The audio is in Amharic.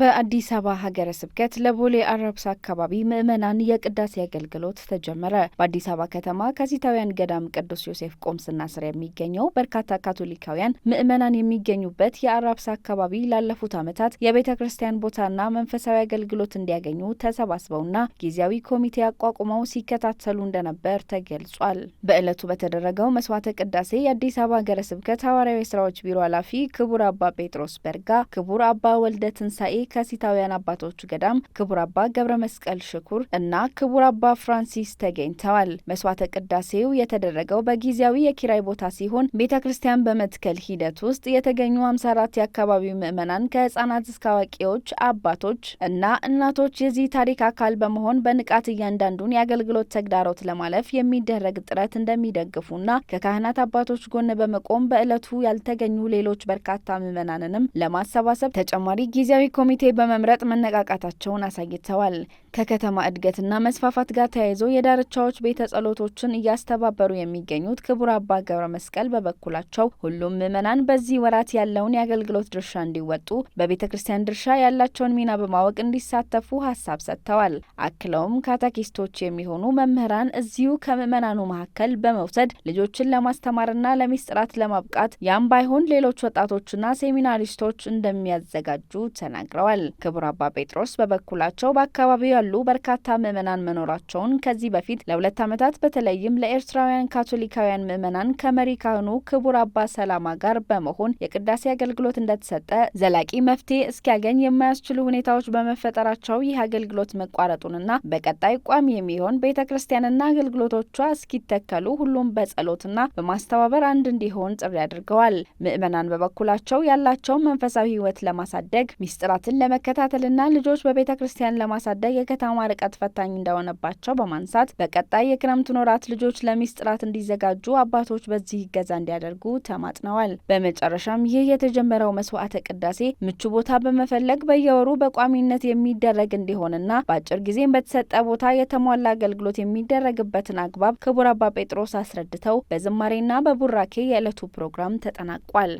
በአዲስ አበባ ሀገረ ስብከት ለቦሌ አራብሳ አካባቢ ምዕመናን የቅዳሴ አገልግሎት ተጀመረ። በአዲስ አበባ ከተማ ካሲታውያን ገዳም ቅዱስ ዮሴፍ ቆምስና ስር የሚገኘው በርካታ ካቶሊካውያን ምዕመናን የሚገኙበት የአራብሳ አካባቢ ላለፉት ዓመታት የቤተ ክርስቲያን ቦታና መንፈሳዊ አገልግሎት እንዲያገኙ ተሰባስበውና ጊዜያዊ ኮሚቴ አቋቁመው ሲከታተሉ እንደነበር ተገልጿል። በዕለቱ በተደረገው መስዋዕተ ቅዳሴ የአዲስ አበባ ሀገረ ስብከት ሐዋርያዊ ስራዎች ቢሮ ኃላፊ ክቡር አባ ጴጥሮስ በርጋ፣ ክቡር አባ ወልደ ትንሳኤ ከሲታውያን አባቶች ገዳም ክቡር አባ ገብረ መስቀል ሽኩር እና ክቡር አባ ፍራንሲስ ተገኝተዋል። መስዋዕተ ቅዳሴው የተደረገው በጊዜያዊ የኪራይ ቦታ ሲሆን ቤተ ክርስቲያን በመትከል ሂደት ውስጥ የተገኙ 54 የአካባቢው ምዕመናን ከህጻናት እስከ አዋቂዎች፣ አባቶች እና እናቶች የዚህ ታሪክ አካል በመሆን በንቃት እያንዳንዱን የአገልግሎት ተግዳሮት ለማለፍ የሚደረግ ጥረት እንደሚደግፉና ከካህናት አባቶች ጎን በመቆም በዕለቱ ያልተገኙ ሌሎች በርካታ ምዕመናንንም ለማሰባሰብ ተጨማሪ ጊዜያዊ ኮሚ ኮሚቴ በመምረጥ መነቃቃታቸውን አሳይተዋል። ከከተማ እድገትና መስፋፋት ጋር ተያይዞ የዳርቻዎች ቤተ ጸሎቶችን እያስተባበሩ የሚገኙት ክቡር አባ ገብረ መስቀል በበኩላቸው ሁሉም ምዕመናን በዚህ ወራት ያለውን የአገልግሎት ድርሻ እንዲወጡ በቤተ ክርስቲያን ድርሻ ያላቸውን ሚና በማወቅ እንዲሳተፉ ሀሳብ ሰጥተዋል። አክለውም ካታኪስቶች የሚሆኑ መምህራን እዚሁ ከምዕመናኑ መካከል በመውሰድ ልጆችን ለማስተማርና ለሚስጥራት ለማብቃት ያም ባይሆን ሌሎች ወጣቶችና ሴሚናሪስቶች እንደሚያዘጋጁ ተናግረዋል። ተናግረዋል። ክቡር አባ ጴጥሮስ በበኩላቸው በአካባቢው ያሉ በርካታ ምዕመናን መኖራቸውን ከዚህ በፊት ለሁለት ዓመታት በተለይም ለኤርትራውያን ካቶሊካውያን ምዕመናን ከመሪ ካህኑ ክቡር አባ ሰላማ ጋር በመሆን የቅዳሴ አገልግሎት እንደተሰጠ ዘላቂ መፍትሄ እስኪያገኝ የማያስችሉ ሁኔታዎች በመፈጠራቸው ይህ አገልግሎት መቋረጡንና በቀጣይ ቋሚ የሚሆን ቤተ ክርስቲያንና አገልግሎቶቿ እስኪተከሉ ሁሉም በጸሎትና በማስተባበር አንድ እንዲሆን ጥሪ አድርገዋል። ምዕመናን በበኩላቸው ያላቸውን መንፈሳዊ ሕይወት ለማሳደግ ሚስጥራትን ትምህርትን ለመከታተልና ልጆች በቤተ ክርስቲያን ለማሳደግ የከተማ ርቀት ፈታኝ እንደሆነባቸው በማንሳት በቀጣይ የክረምት ወራት ልጆች ለሚስጥራት እንዲዘጋጁ አባቶች በዚህ ይገዛ እንዲያደርጉ ተማጥነዋል። በመጨረሻም ይህ የተጀመረው መስዋዕተ ቅዳሴ ምቹ ቦታ በመፈለግ በየወሩ በቋሚነት የሚደረግ እንዲሆንና በአጭር ጊዜም በተሰጠ ቦታ የተሟላ አገልግሎት የሚደረግበትን አግባብ ክቡር አባ ጴጥሮስ አስረድተው በዝማሬና በቡራኬ የዕለቱ ፕሮግራም ተጠናቋል።